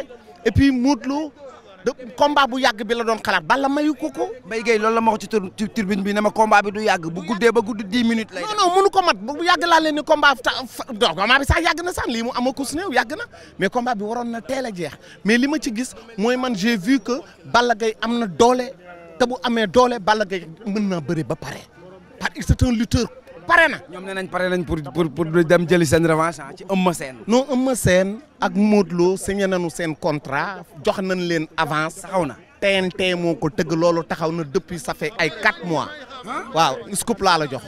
et puis Modou combat bu yàgg bi la doon xalaat bala may ko ko. Mbaye Gueye loolu la ma wax ci tur bi ne ma combat bi du yàgg bu guddee ba gudd dix minutes. lay non non ko mat bu yàgg laa ni combat fa donc bi sax yàgg na sax lii mu am a kus néew yàgg na mais combat bi waroon na teel a jeex mais li ma ci gis mooy man j'ai vu que Balla Gaye am na doole te bu amee doole Balla Gaye mën naa bëre ba pare parce que sa un lutteur pare na. ñoom ne nañ pare nañ pour pour pour dem jëli seen revanche ah, ci Eumeu Sène. non Eumeu Sène ak mootloo Lo signé nañu seen contrat jox nañ leen avance taxaw na. TNT moo ko tëgg loolu taxaw na depuis ça fait ay 4 mois waaw scoop laa la jox.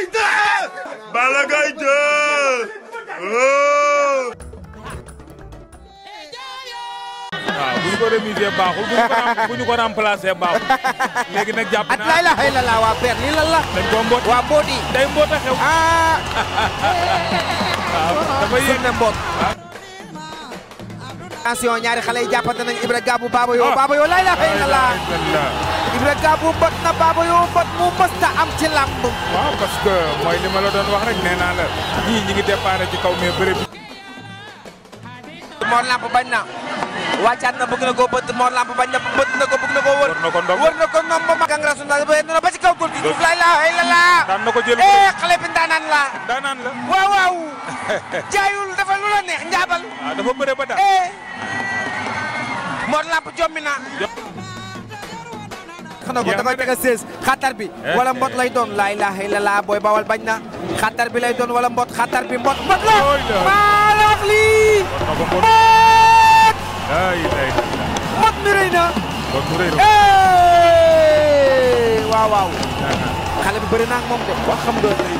Gaye 2 Balla waaw ah, bu ñu ko remiser baaxul bu ñu ko bu ñu ko remplacer baaxul léegi nag jàpp naa at la waa père lii lan la. dañ koo mboot waa mboot yi day xew. ah. waaw ah, dafa na mboot. Ah. attention ñaari xale yi jàppante Ibra Gabou Baba Yo Baba Yo la ilaha Reca bu mbot na Baba Yo mbot mu ci làmb waaw parce que mooy li ma la doon wax rek nee naa ngi déparé ci kaw mais bëri Mor bañ na wàccaat na bëgg na koo bëtt Mor bañ na bëtt na ko bëgg na koo wër ma gang rasu na ba na ba ci kaw góor gi Diouf la laa ko jël eh xale bi ndaanaan la ndaanaan la waaw waaw jaayul dafa lu la neex njaabal ah, dafa bëre ba daal eh. Mor Lamp jommi na yàq na ko da koy teg a sées xatar bi eh, wala eh. mbot lay doon laa ilaaha illallaah booy bawal bañ na xatar bi lay doon wala mbot xatar bi mbot mbot la maalax lii mbot mi rëy na eh, waaw waaw xale bi bëri naa moom de wax xam doon lay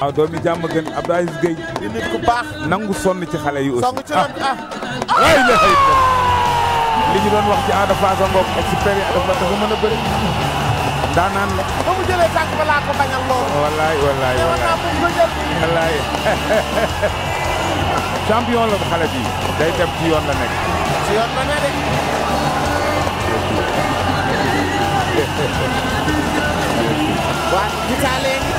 waaw doomi jàmm gën Abdou Aziz Gueye di nit ku baax nangu sonn ci xale yi aussi ah li ñu wax ci Ada Fass a ngoog mën a bëri daanaan la. ba mu jëlee tànk ba laa ko bañal wallaay wallaay wallaay champion la xale bi day dem ci yoon la ci yoon ne de.